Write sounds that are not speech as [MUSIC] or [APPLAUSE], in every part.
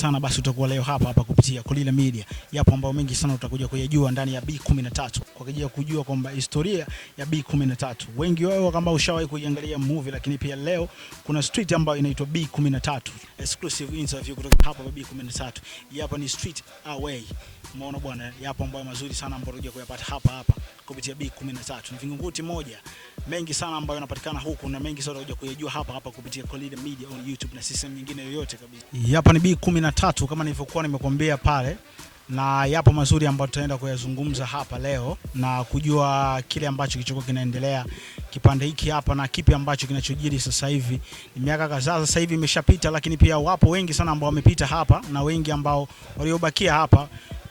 sana basi utakuwa leo hapa hapa kupitia Kolila Media. Yapo ambayo mengi sana utakuja kuyajua ndani ya B13. Ukija kujua kwamba historia ya B13. Wengi wao kama ushawahi kuiangalia movie, lakini pia leo kuna street ambayo inaitwa B13. Exclusive interview kutoka hapa kwa B13. Yapo ni street away. Umeona bwana, yapo ambayo mazuri sana ambayo utakuja kuyapata hapa hapa kupitia B13. Ni vingunguti moja. Mengi sana ambayo yanapatikana huku na mengi sana utakuja kuyajua hapa hapa kupitia Kolila Media on YouTube na system nyingine yoyote kabisa. Hapa ni B13 na tatu kama nilivyokuwa nimekuambia pale, na yapo mazuri ambayo tutaenda kuyazungumza hapa leo na kujua kile ambacho kilichokuwa kinaendelea kipande hiki hapa na kipi ambacho kinachojiri sasa hivi. Ni miaka kadhaa sasa hivi imeshapita, lakini pia wapo wengi sana ambao wamepita hapa na wengi ambao waliobakia hapa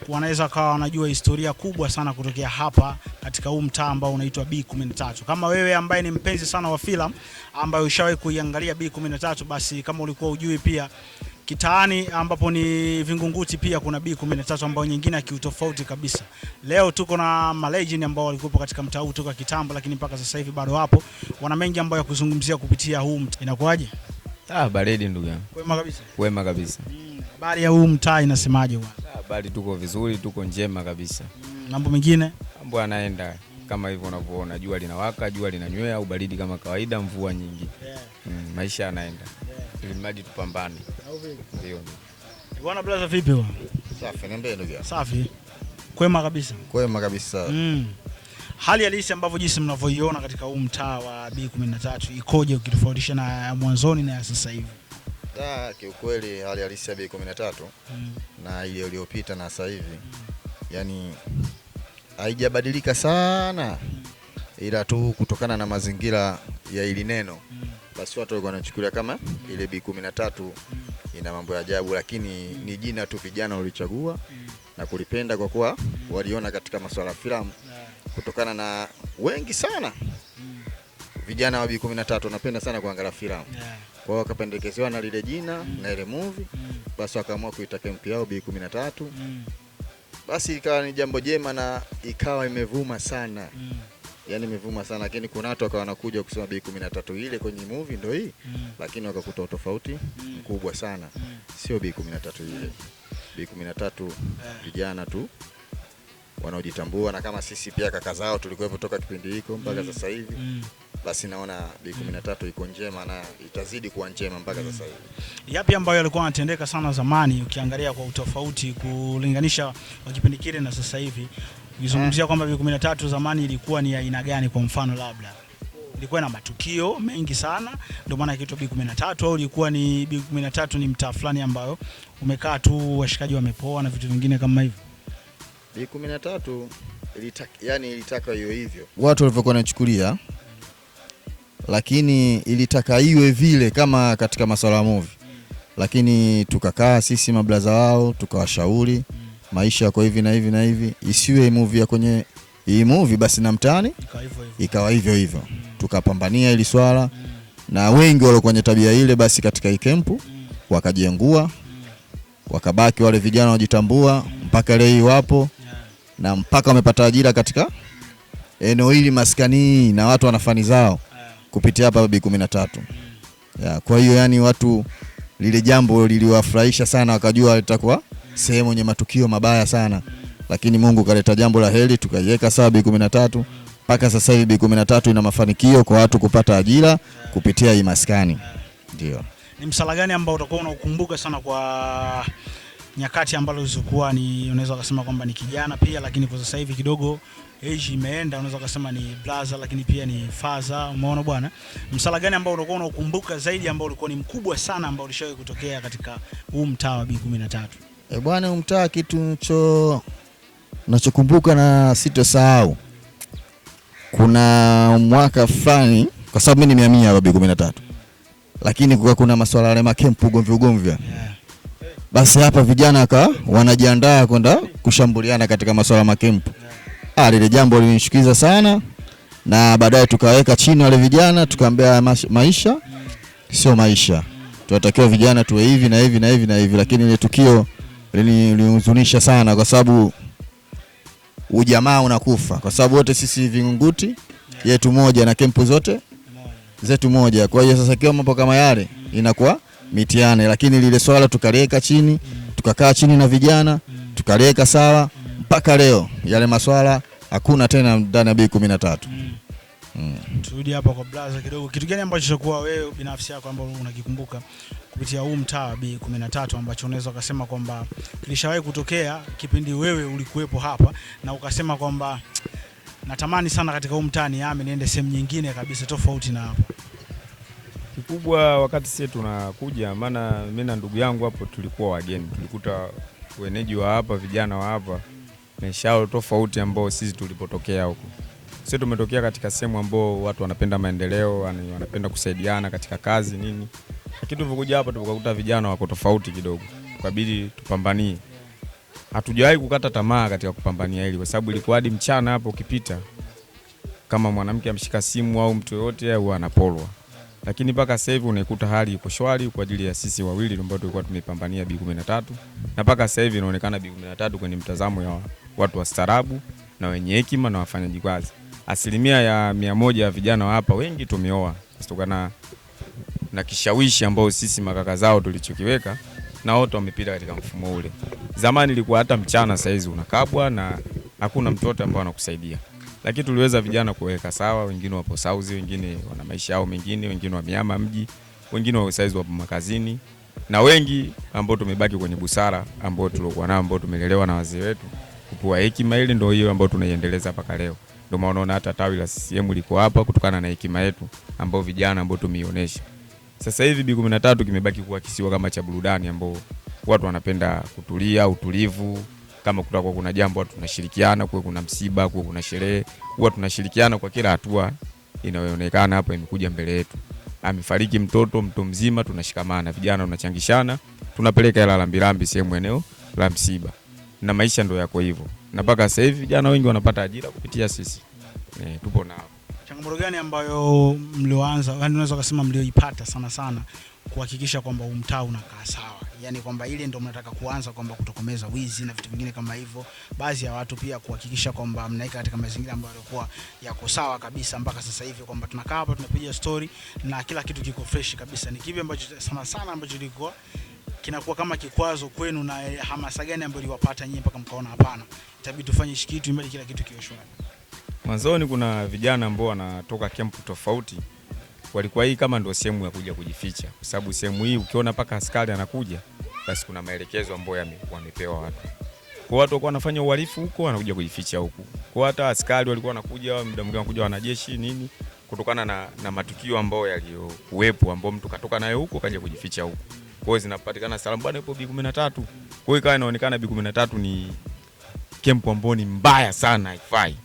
wanaweza kawa wanajua historia kubwa sana kutokea hapa katika huu mtaa ambao unaitwa B13. Kama wewe ambaye ni mpenzi sana wa filamu ambayo ushawahi kuiangalia B13, basi kama ulikuwa ujui pia kitaani ambapo ni Vingunguti pia kuna B13 ambayo nyingine akiutofauti kabisa. Leo tuko na malegend ambao walikuwa katika mtaa huu toka kitambo, lakini mpaka sasa hivi bado wapo. Wana mengi ambayo ya kuzungumzia kupitia huu mtaa. Inakuwaje? Ah, baridi ndugu yangu. Kwema kabisa. Kwema kabisa. Hmm, habari mm, ya huu mtaa inasemaje bwana? Ah, habari tuko vizuri, tuko njema kabisa. Mm, mambo mengine? Mambo yanaenda kama hivyo unavyoona, jua linawaka, jua linanywea, ubaridi kama kawaida, mvua nyingi. Yeah. Mm, maisha yanaenda ili mradi tupambane. Ndio. Bwana brother, vipi wewe? Safi, niambie ndugu yangu. Safi. Kwema kabisa. Kwema kabisa. Mm. Hali halisi ambavyo jinsi mnavyoiona katika huu mtaa wa B13 ikoje ukitofautisha na ya mwanzoni na ya sasa hivi? Da, kiukweli hali halisi ya B13 mm. na ile iliyopita na sasa hivi mm. yani haijabadilika sana mm. ila tu kutokana na mazingira ya ili neno mm basi watu walikuwa wanachukulia kama ile B kumi na tatu ina mambo ya ajabu, lakini ni jina tu vijana walichagua na kulipenda kwa kuwa waliona katika masuala ya filamu, kutokana na wengi sana vijana wa B kumi na wanapenda sana kuangalia filamu kwa hiyo wakapendekezewa na lile jina mm. na ile movie mm. basi wakaamua kuita camp yao B kumi na tatu mm. basi ikawa ni jambo jema na ikawa imevuma sana mm yani imevuma sana, lakini kuna watu wakawa wanakuja kusema bei kumi na tatu ile kwenye movie ndio hii mm. lakini wakakuta utofauti mm. mkubwa sana mm. sio bei kumi na tatu ile bei kumi na tatu eh. vijana tu wanaojitambua na kama sisi pia kaka zao tulikuwepo toka kipindi hiko mpaka mm. sasa hivi mm basi naona B13 iko njema na itazidi kuwa njema mpaka sasa hivi. Yapi ambayo yalikuwa yanatendeka sana zamani ukiangalia kwa utofauti kulinganisha kwa kipindi kile na sasa hivi? Ukizungumzia kwamba B13 zamani ilikuwa ni aina gani, kwa mfano labda ilikuwa na matukio mengi sana ndio maana ikiitwa B13, au ilikuwa ni B13 ni mtaa fulani ambayo umekaa tu washikaji wamepoa na vitu vingine kama hivyo? B13 ilitaka yani ilitaka hiyo hivyo watu walivyokuwa wanachukulia lakini ilitaka iwe vile kama katika masuala ya movie, lakini tukakaa sisi mablaza wao tukawashauri maisha yako hivi na hivi na hivi, isiwe movie ya kwenye hii movie basi na mtaani ikawa hivyo hivyo. Tukapambania hili swala na wengi walio kwenye tabia ile, basi katika ikempu wakajengua, wakabaki wale vijana wajitambua mpaka leo hii wapo na mpaka wamepata ajira katika eneo hili maskani na watu wanafani zao kupitia hapa B13. Ya, kwa hiyo yani watu lile jambo liliwafurahisha sana, wakajua litakuwa sehemu yenye matukio mabaya sana, lakini Mungu kaleta jambo la heri, tukaiweka sawa B13 mpaka sasa hivi B13 ina mafanikio kwa watu kupata ajira kupitia hii maskani. Ndio. Ni msala gani ambao utakuwa unaukumbuka sana kwa nyakati ambazo zilikuwa ni unaweza kusema kwamba ni kijana pia, lakini kwa sasa hivi kidogo age imeenda, unaweza kusema ni blaza, lakini pia ni faza. Umeona bwana, msala gani ambao unakuwa unakumbuka zaidi ambao ulikuwa ni mkubwa sana ambao ulishawahi kutokea katika huu mtaa wa B13? E bwana, huu mtaa kitu cho nachokumbuka na sitosahau, kuna mwaka fulani, kwa sababu mimi nimehamia hapa B13, lakini kwa kuna masuala ya makempu ugomvi ugomvi basi hapa vijana aka wanajiandaa kwenda kushambuliana katika masuala ya makempu yeah. Ah, lile jambo lilinishukiza sana, na baadaye tukaweka chini wale vijana tukaambia, maisha sio maisha, tunatakiwa vijana tuwe hivi na hivi na hivi na hivi. Lakini ile tukio lilihuzunisha sana, kwa sababu ujamaa unakufa, kwa sababu wote sisi Vingunguti yetu moja na kempu zote zetu moja. Kwa hiyo sasa kiwa mambo kama yale inakuwa mitiani, lakini lile swala tukaliweka chini, tukakaa chini na vijana tukaliweka sawa mpaka leo yale maswala hakuna tena ndani ya B 13 mm. mm. Turudi hapa kwa blaza kidogo, kitu gani ambacho chakuwa wewe binafsi yako ambao unakikumbuka kupitia huu mtaa B 13 ambacho unaweza ukasema kwamba kilishawahi kutokea kipindi wewe ulikuwepo hapa na ukasema kwamba natamani sana katika huu mtaa niame niende sehemu nyingine kabisa tofauti na hapo. Kikubwa wakati sisi tunakuja, maana mimi na ndugu yangu hapo tulikuwa wageni, tulikuta wenyeji wa hapa, vijana wa hapa maisha yao tofauti ambao sisi tulipotokea huko. Sisi tumetokea katika sehemu ambao watu wanapenda maendeleo, wanapenda kusaidiana katika kazi nini, lakini tulivyokuja hapa tukakuta vijana wako tofauti kidogo, tukabidi tupambanie. Hatujawahi kukata tamaa katika kupambania hili, kwa sababu ilikuwa hadi mchana hapo ukipita, kama mwanamke amshika simu au mtu yoyote, au anapolwa lakini mpaka sasa hivi unaikuta hali iko shwari kwa ajili ya sisi wawili ambao tulikuwa tumepambania B13 na mpaka sasa hivi inaonekana B13 kwenye mtazamo ya watu wastaarabu na wenye hekima na wafanyaji kazi. Asilimia ya mia moja ya vijana wa hapa wengi tumeoa kutokana na kishawishi ambao sisi makaka zao tulichokiweka na wote wamepita katika mfumo ule. Zamani ilikuwa hata mchana saizi unakabwa na hakuna mtoto ambaye anakusaidia, lakini tuliweza vijana kuweka sawa. Wengine wapo sauzi, wengine wana maisha yao mengine, wengine wamehama mji, wengine wa saizi wapo makazini, na wengi ambao tumebaki kwenye busara ambao tulikuwa nao, ambao tumelelewa na wazee wetu kupewa hekima ile, ndio hiyo ambayo tunaiendeleza mpaka leo. Ndio maana unaona hata tawi la CCM liko hapa kutokana na hekima yetu ambao vijana ambao tumeionyesha. Sasa hivi B13 kimebaki kuwa kisiwa kama cha burudani ambao watu wanapenda kutulia, utulivu kama kutakuwa kuna jambo watu tunashirikiana, kuwe kuna msiba, kuwe kuna sherehe, huwa tunashirikiana kwa kila hatua inayoonekana hapa imekuja mbele yetu. Amefariki mtoto, mtu mzima, tunashikamana, vijana tunachangishana, tunapeleka hela lambilambi sehemu eneo la msiba na maisha ndio yako hivyo, na mpaka sasa hivi vijana wengi wanapata ajira kupitia sisi e, tupo nao. Changamoto gani ambayo mlioanza, yani unaweza kusema mlioipata sana sana kuhakikisha kwamba umtaa unakaa sawa, yani kwamba ile ndio mnataka kuanza kwamba kutokomeza wizi na vitu vingine kama hivyo, baadhi ya watu pia kuhakikisha kwamba mnaika katika mazingira ambayo yalikuwa yako sawa kabisa mpaka sasa hivi, kwamba tunakaa hapa tunapiga story na kila kitu kiko fresh kabisa. Ni kipi ambacho sana sana ambacho ilikuwa kinakuwa kama kikwazo kwenu, na eh, hamasa gani ambayo iliwapata nyinyi mpaka mkaona hapana, itabidi tufanye hichi kitu ili kila kitu kiwe shwari? Mwanzoni kuna vijana ambao wanatoka kempu tofauti, walikuwa hii kama ndio sehemu ya kuja kujificha, kwa sababu sehemu hii ukiona mpaka askari anakuja, basi kuna maelekezo ambayo wamepewa watu kwa watu walikuwa wanafanya uhalifu huko, wanakuja kujificha huku. Kwa hata askari walikuwa wanakuja muda mwingine wanakuja wanajeshi nini, kutokana na, na matukio ambayo yaliyokuwepo, ambao mtu katoka nayo huko kaja kujificha huko. Kwa hiyo zinapatikana Salamu bwana ipo B13. Kwa hiyo ikawa inaonekana B13 ni kempu ambayo ni mbaya sana haifai.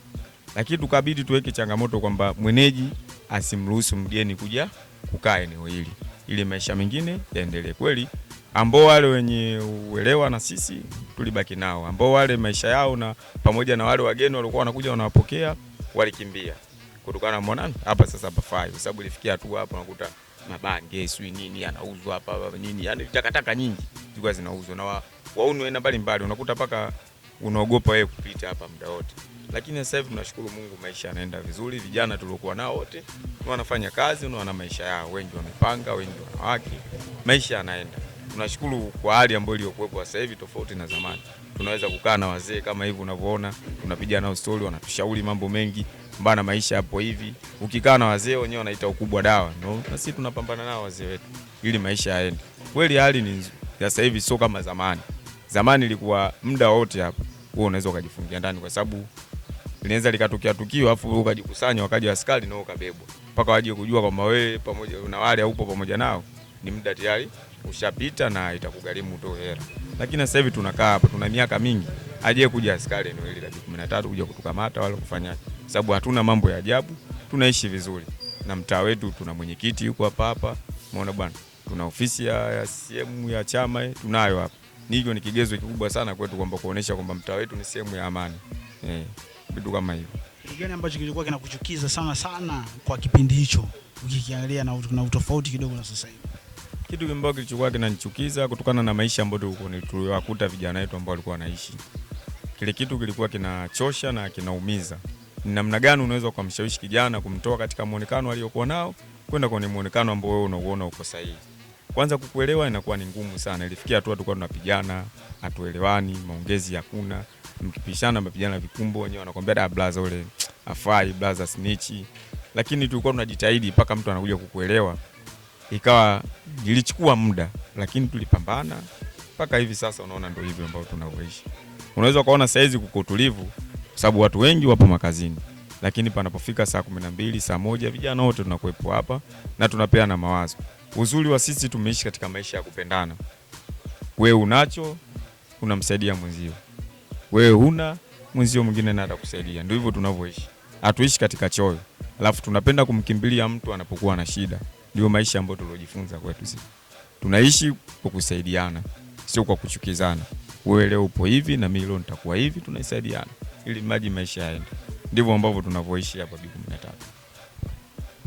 Lakini tukabidi tuweke changamoto kwamba mwenyeji asimruhusu mgeni kuja kukaa eneo hili ili maisha mengine yaendelee. Kweli ambao wale wenye uelewa na sisi tulibaki nao, ambao wale maisha yao na pamoja na wale wageni walikuwa wanakuja wanawapokea walikimbia kutokana na mwanani hapa sasa hapafai, kwa sababu ilifikia hatua hapa nakuta mabange sijui nini yanauzwa hapa nini, yani takataka nyingi zilikuwa zinauzwa na wauni aina mbalimbali, unakuta mpaka unaogopa wewe kupita hapa muda wote. Lakini sasa hivi tunashukuru Mungu, maisha yanaenda vizuri. Vijana tuliokuwa nao wote wanafanya kazi na wana maisha yao, wengi wamepanga, wengi wanawake, maisha yanaenda. Tunashukuru kwa hali ambayo iliyokuwepo sasa hivi, tofauti na zamani. Tunaweza kukaa na wazee kama hivi unavyoona, tunapiga nao stori, wanatushauri mambo mengi mbana maisha hapo hivi. Ukikaa na wazee wenyewe wanaita ukubwa dawa, no? Na sisi tunapambana nao wazee wetu ili maisha yaende. Kweli hali ni sasa hivi sio kama zamani. Zamani ilikuwa muda wote hapo wewe unaweza ukajifungia ndani, kwa sababu linaweza likatokea tukio afu ukajikusanya, wakaja askari nao ukabebwa, mpaka waje kujua kwamba wewe pamoja na wale upo pamoja nao, ni muda tayari ushapita na itakugharimu utoe hela. Lakini sasa hivi tunakaa hapa, tuna miaka mingi aje kuja askari eneo hili la kumi na kuja kutukamata wala kufanya, sababu hatuna mambo ya ajabu, tunaishi vizuri na mtaa wetu. Tuna mwenyekiti yuko hapa hapa, umeona bwana, tuna ofisi ya ya CM ya chama eh, tunayo hapa. Hicho ni kigezo kikubwa sana kwetu kwamba kuonesha kwamba mtaa wetu ni sehemu ya amani, eh, vitu kama hivyo. Kitu gani ambacho kilikuwa kinakuchukiza sana sana kwa kipindi hicho ukikiangalia na utofauti kidogo na sasa hivi? Kitu kimbao kilichokuwa kinanichukiza kutokana na maisha ambayo tuliyowakuta vijana wetu ambao walikuwa wanaishi Kile kitu kilikuwa kinachosha na kinaumiza. Ni namna gani unaweza kumshawishi kijana kumtoa katika muonekano aliokuwa nao kwenda kwenye muonekano ambao wewe unauona uko sahihi? Kwanza kukuelewa inakuwa ni ngumu sana. Ilifikia hatua tulikuwa tunapigana, hatuelewani, maongezi hakuna, mkipishana mapigana vikumbo, wenyewe wanakuambia da blaza ule afai, blaza snichi. Lakini tulikuwa tunajitahidi mpaka mtu anakuja kukuelewa. Ikawa ilichukua muda, lakini tulipambana mpaka hivi sasa unaona ndio hivyo ambao tunavyoishi. Unaweza ukaona saizi kuko tulivu, sababu watu wengi wapo makazini, lakini panapofika saa kumi na mbili saa moja vijana wote tunakuwepo hapa na tunapea na mawazo. Uzuri wa sisi tumeishi katika maisha ya kupendana, wewe unacho unamsaidia mwenzio, wewe huna mwenzio mwingine naye atakusaidia. Ndio hivyo tunavyoishi, hatuishi katika choyo, alafu tunapenda kumkimbilia mtu anapokuwa na shida. Ndio maisha ambayo tuliojifunza kwetu sisi, tunaishi kwa kusaidiana sio kwa kuchukizana. Wewe leo upo hivi na mimi leo nitakuwa hivi, tunaisaidiana ili maji maisha yaende. Ndivyo ambavyo tunavyoishi hapa B13.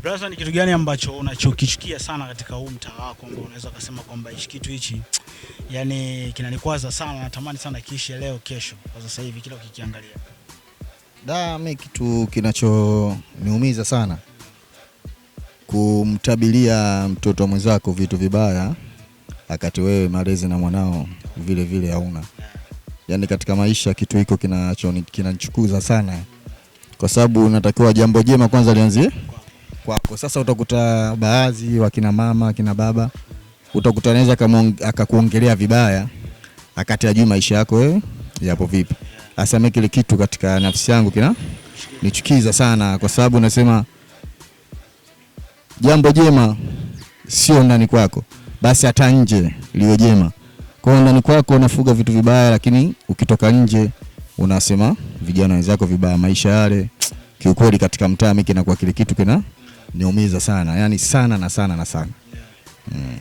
Brasa, ni kitu gani ambacho unachokichukia sana katika huu mtaa wako ambao unaweza kusema kwamba hichi kitu hichi yani kinanikwaza sana, natamani sana kiishe leo kesho, kwa sasa hivi kila ukikiangalia? Da, mimi kitu kinachoniumiza sana kumtabilia mtoto mwenzako vitu vibaya wakati wewe malezi na mwanao vile vile hauna. Yani katika maisha kitu hiko kinanichukuza sana, kwa sababu natakiwa jambo jema kwanza lianzie kwako. Sasa utakuta baadhi wakina mama wakina baba utakuta anaweza akakuongelea vibaya akati ajui maisha yako wewe yapo vipi. Asame kile kitu katika nafsi yangu kina nichukiza sana, kwa sababu nasema jambo jema sio ndani kwako basi hata nje liwe jema. Kwa hiyo ndani kwako unafuga vitu vibaya, lakini ukitoka nje unasema vijana wenzako vibaya. Maisha yale kiukweli, katika mtaa mimi kinakuwa kile kitu kina niumiza sana, yani sana na sana na sana mm.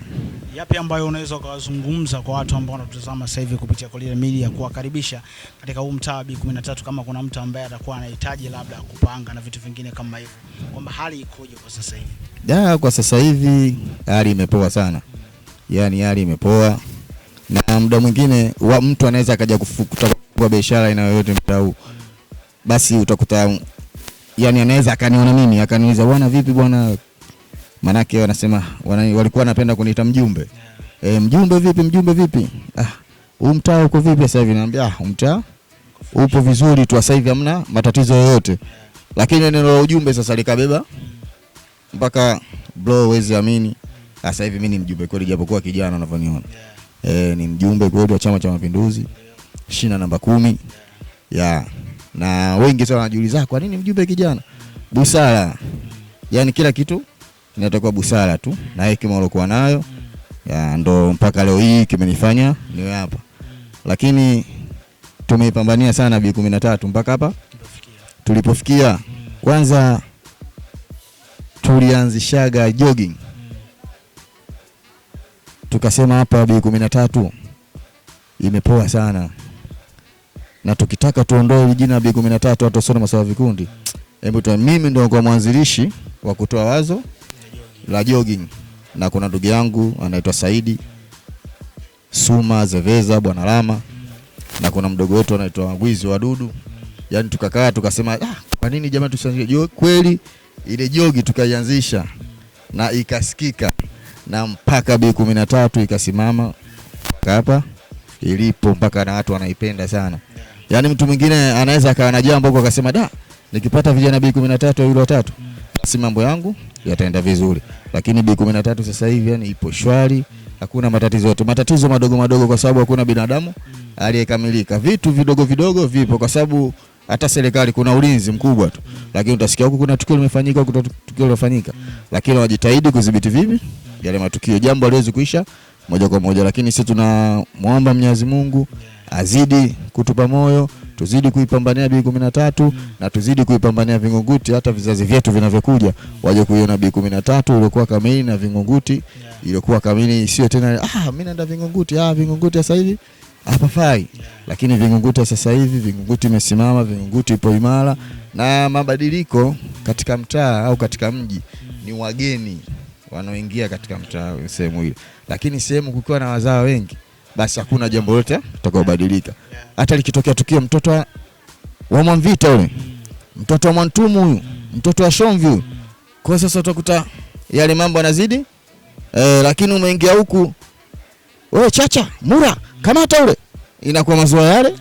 Yapi ambayo unaweza ukawazungumza kwa watu ambao wanatutazama sasa hivi kupitia Kolila Media, kuwakaribisha katika huu mtaa B13, kama kuna mtu ambaye atakuwa anahitaji labda kupanga na vitu vingine kama hivyo, kwamba hali ikoje kwa sasa hivi? Da, kwa sasa hivi hali imepoa sana mm yani hali imepoa, na muda mwingine wa mtu anaweza akaja kufungua biashara ina yoyote mtaa huu, basi utakuta yani anaweza akaniona mimi akaniuliza bwana, vipi bwana, manake wanasema wana, walikuwa wanapenda kuniita mjumbe e, mjumbe vipi, mjumbe vipi, ah, huu mtaa uko vipi sasa hivi? Naambia ah, mtaa upo vizuri tu sasa hivi, hamna matatizo yoyote, lakini neno la ujumbe sasa likabeba mpaka bro, huwezi amini. Sasa hivi mimi ni mjumbe kweli, japokuwa kijana unavyoniona yeah. eh, ni mjumbe kweli wa Chama cha Mapinduzi, shina namba kumi ya na wengi sana wanajiuliza ah, kwa nini mjumbe kijana. Mm. Busara, mm. yani kila kitu inatakuwa busara tu na hekima uliokuwa nayo mm. ya, ndo mpaka leo hii kimenifanya niwe hapa, lakini tumeipambania sana B kumi na tatu mpaka hapa tulipofikia. Kwanza tulianzishaga jogging tukasema hapa bei kumi na tatu imepoa sana, na tukitaka tuondoe jina bei kumi na tatu hata usone vikundi. Hebu tu mimi ndio kwa mwanzilishi wa kutoa wazo la jogging, na kuna ndugu yangu anaitwa Saidi Suma Zeveza Bwana Rama, na kuna mdogo wetu anaitwa Mgwizi Wadudu. Yani tukakaa tukasema, ah, kwa nini jamani tusianze kweli ile jogi, tukaianzisha na ikasikika na mpaka B kumi na tatu ikasimama hapa ilipo mpaka na watu wanaipenda sana. Yaani mtu mwingine anaweza akawa na jambo huko akasema da, nikipata vijana B kumi na tatu au yule watatu basi mambo yangu yataenda vizuri, lakini B kumi na tatu sasa hivi yani ipo shwari, hakuna matatizo yote, matatizo madogo madogo, kwa sababu hakuna binadamu aliyekamilika. Vitu vidogo vidogo vipo, kwa sababu hata serikali kuna ulinzi mkubwa tu, lakini utasikia huku kuna tukio limefanyika, huku tukio limefanyika, lakini wajitahidi kudhibiti vipi yale matukio. Jambo haliwezi kuisha moja kwa moja, lakini sisi tunamwomba Mwenyezi Mungu azidi kutupa moyo, tuzidi kuipambania B kumi na tatu na tuzidi kuipambania Vingunguti, hata vizazi vyetu vinavyokuja waje kuiona B kumi na tatu iliokuwa kamili na Vingunguti iliokuwa kamili, sio tena ah, mimi naenda Vingunguti, ah, Vingunguti sasa hivi hapafai yeah. Lakini Vingunguti sasa hivi Vingunguti imesimama, Vingunguti ipo imara, na mabadiliko katika mtaa au katika mji ni wageni wanaoingia katika mtaa sehemu hiyo, lakini sehemu kukiwa na wazao wengi, basi hakuna jambo lolote litakobadilika. Hata likitokea tukio, mtoto wa Mwamvita huyu, mtoto wa Mwantumu huyu, mtoto wa Shomvi huyu, kwa sasa utakuta yale mambo yanazidi eh, lakini umeingia huku wewe, chacha mura, kamata ule, inakuwa mazoea yale,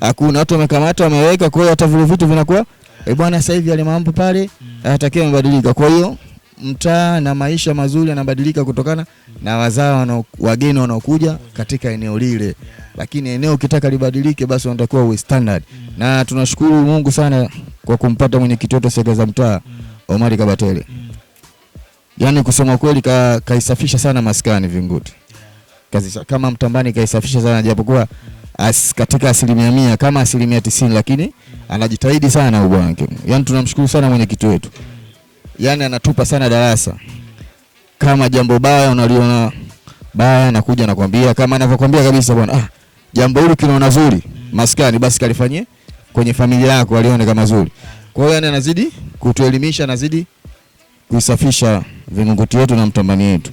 hakuna watu wamekamata, wameweka. Kwa hiyo hata vile vitu vinakuwa eh, bwana, sasa hivi yale mambo pale atakiwa mabadilika, kwa hiyo mtaa na maisha mazuri yanabadilika kutokana na wazao wageni wanaokuja katika eneo lile, lakini eneo ukitaka libadilike, basi unatakiwa uwe standard. Na tunashukuru Mungu sana kwa kumpata mwenyekiti wetu serikali za mtaa Omari Kabatele, yaani kusema kweli ka, kaisafisha sana maskani Vinguti Kazi, kama Mtambani kaisafisha sana japokuwa as, katika asilimia mia kama asilimia tisini, lakini anajitahidi sana ubwanake, yaani tunamshukuru sana mwenyekiti wetu yani anatupa sana darasa. Kama jambo baya unaliona baya, anakuja nakwambia, kama anavyokwambia kabisa, bwana, ah, jambo hili kinaona zuri maskani, basi kalifanyie kwenye familia yako alione kama zuri. Kwa hiyo yani anazidi kutuelimisha, anazidi kuisafisha Vingunguti yetu na Mtambani yetu.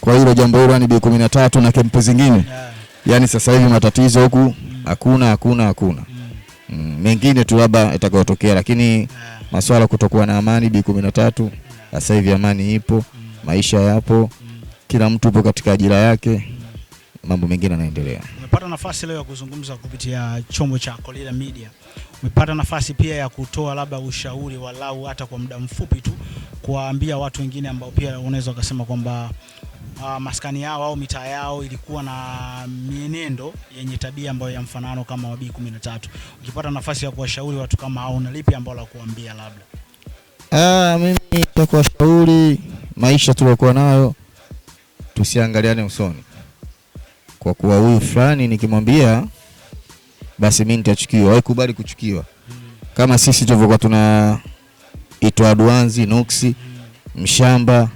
Kwa hilo jambo hilo ni B13 na kempu zingine. yani sasa hivi matatizo huku hakuna hakuna hakuna. Mm, mengine tu labda itakayotokea lakini maswala kutokuwa na amani B13. Sasa hivi amani ipo, maisha yapo, kila mtu upo katika ajira yake, mambo mengine yanaendelea. Umepata nafasi leo ya kuzungumza kupitia chombo cha Kolila Media, umepata nafasi pia ya kutoa labda ushauri walau hata kwa muda mfupi tu, kuwaambia watu wengine ambao pia unaweza ukasema kwamba uh, maskani yao au mitaa yao ilikuwa na mienendo yenye tabia ambayo ya mfanano kama wa B13. Ukipata nafasi ya kuwashauri watu kama hao, na lipi ambao la kuambia labda? Ah, mimi cha kuwashauri, maisha tuliokuwa nayo tusiangaliane usoni, kwa kuwa huyu fulani nikimwambia basi mimi nitachukiwa, waikubali kuchukiwa kama sisi tulivyokuwa tuna itwa Aduanzi, Nuksi, Mshamba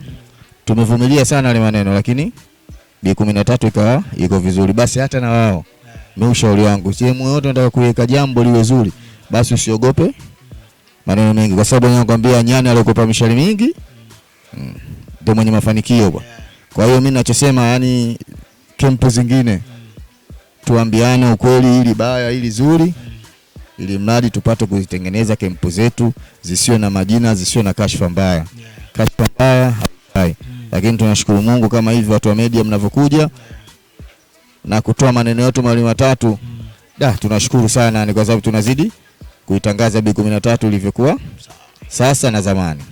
tumevumilia sana wale maneno, lakini B13 ikawa iko vizuri. Basi hata na wao mimi ushauri wangu, sehemu yote nataka kuweka jambo liwe zuri, basi usiogope maneno mengi, kwa sababu nakwambia nyani aliyokupa mishale mingi mm, ndio mwenye mafanikio kwa. Kwa hiyo mimi ninachosema, yani kempu zingine tuambiane ukweli, ili baya, ili zuri, ili mradi tupate kuzitengeneza kempu zetu zisiwe na majina, zisiwe na kashfa mbaya. Kashfa mbaya hapafai lakini tunashukuru Mungu kama hivi watu wa media mnavyokuja na kutoa maneno yote mawili matatu, da, tunashukuru sana, ni kwa sababu tunazidi kuitangaza B13 ilivyokuwa sasa na zamani.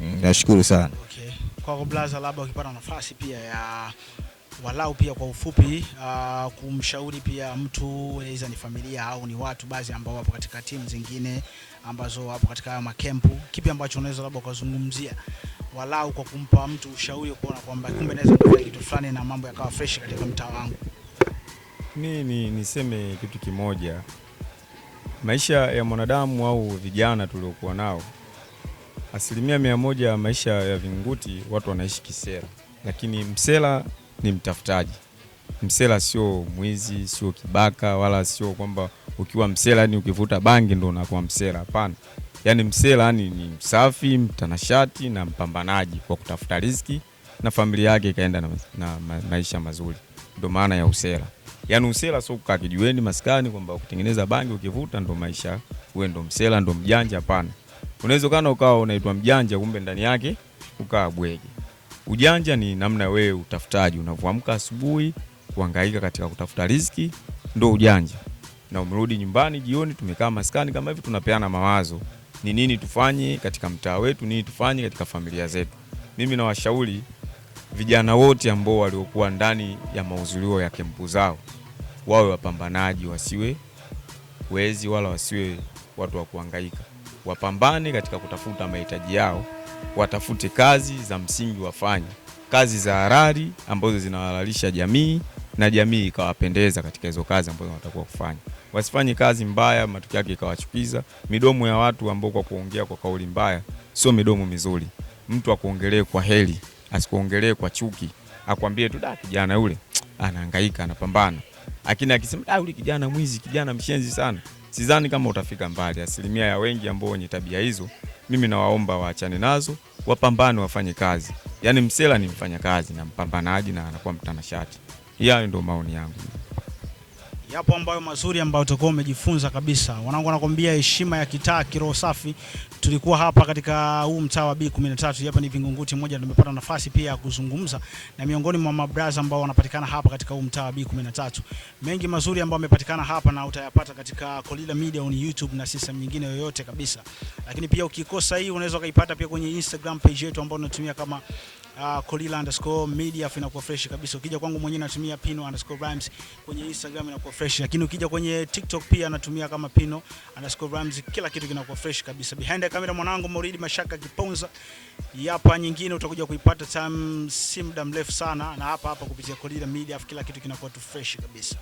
Mm, nashukuru sana. Okay. Kwa Blaza, labda ukipata nafasi pia ya walau pia kwa ufupi uh, kumshauri pia mtu aidha ni familia au ni watu baadhi ambao wapo katika timu zingine ambazo wapo katika haya makempu, kipi ambacho unaweza labda ukazungumzia walau kwa kumpa mtu ushauri kuona kwamba kumbe naweza kufanya kitu fulani na mambo yakawa fresh katika mtaa wangu? Ni, ni niseme kitu kimoja, maisha ya mwanadamu au vijana tuliokuwa nao, asilimia mia moja ya maisha ya Vingunguti watu wanaishi kisera, lakini msela ni mtafutaji. Msela sio mwizi, sio kibaka, wala sio kwamba ukiwa msela ni ukivuta bangi ndo unakuwa msela. Hapana, yani msela ni, ni msafi, mtanashati na mpambanaji kwa kutafuta riziki na familia yake ikaenda na, na ma, maisha mazuri. Ndo maana ya usela. Yani usela sio kukaa kijiweni maskani kwamba ukitengeneza bangi ukivuta ndo maisha uwe ndo msela ndo mjanja. Hapana, unaweza kana ukawa unaitwa mjanja kumbe ndani yake ukaa bwege. Ujanja ni namna wewe utafutaji, unavyoamka asubuhi kuhangaika katika kutafuta riziki, ndo ujanja. Na umerudi nyumbani jioni, tumekaa maskani kama hivi, tunapeana mawazo, ni nini tufanye katika mtaa wetu, nini tufanye katika familia zetu. Mimi nawashauri vijana wote ambao waliokuwa ndani ya mauzulio ya kempu zao wawe wapambanaji, wasiwe wezi wala wasiwe watu wa kuhangaika, wapambane katika kutafuta mahitaji yao watafute kazi za msingi, wafanye kazi za harari ambazo zinahalalisha jamii na jamii ikawapendeza katika hizo kazi ambazo wanatakiwa kufanya. Wasifanye kazi mbaya, matokeo yake ikawachukiza. Midomo ya watu ambao kwa kuongea kwa kauli mbaya sio midomo mizuri. Mtu akuongelee kwa heli, asikuongelee kwa chuki, akwambie tu da, kijana yule [TSK] anahangaika, anapambana. Lakini akisema da, yule kijana mwizi, kijana mshenzi sana, sidhani kama utafika mbali. Asilimia ya wengi ambao wenye tabia hizo mimi nawaomba waachane nazo, wapambane, wafanye kazi. Yaani msela ni mfanyakazi na mpambanaji na anakuwa mtanashati. Hayo ndio maoni yangu yapo ambayo mazuri ambayo utakuwa umejifunza kabisa. Wanangu wanakwambia heshima ya kitaa kiroho safi. Tulikuwa hapa katika huu mtaa wa B13 hapa ni Vingunguti moja, tumepata nafasi pia ya kuzungumza na miongoni mwa mabraza ambao wanapatikana hapa katika huu mtaa wa B13. Mengi mazuri ambayo yamepatikana hapa na utayapata katika Kolila Media on YouTube na sisem nyingine yoyote kabisa, lakini pia ukikosa hii unaweza ukaipata pia kwenye Instagram page yetu ambayo tunatumia kama uh, ah, kolila underscore media inakuwa fresh kabisa. Ukija kwangu mwenyewe natumia pino underscore rhymes, kwenye Instagram inakuwa fresh, lakini ukija kwenye TikTok pia natumia kama pino underscore rhymes. Kila kitu kinakuwa fresh kabisa. Behind the camera mwanangu Mauridi Mashaka Kiponza, yapa nyingine utakuja kuipata time si muda mrefu sana, na hapa hapa kupitia kolila media, kila kitu kinakuwa tu fresh kabisa.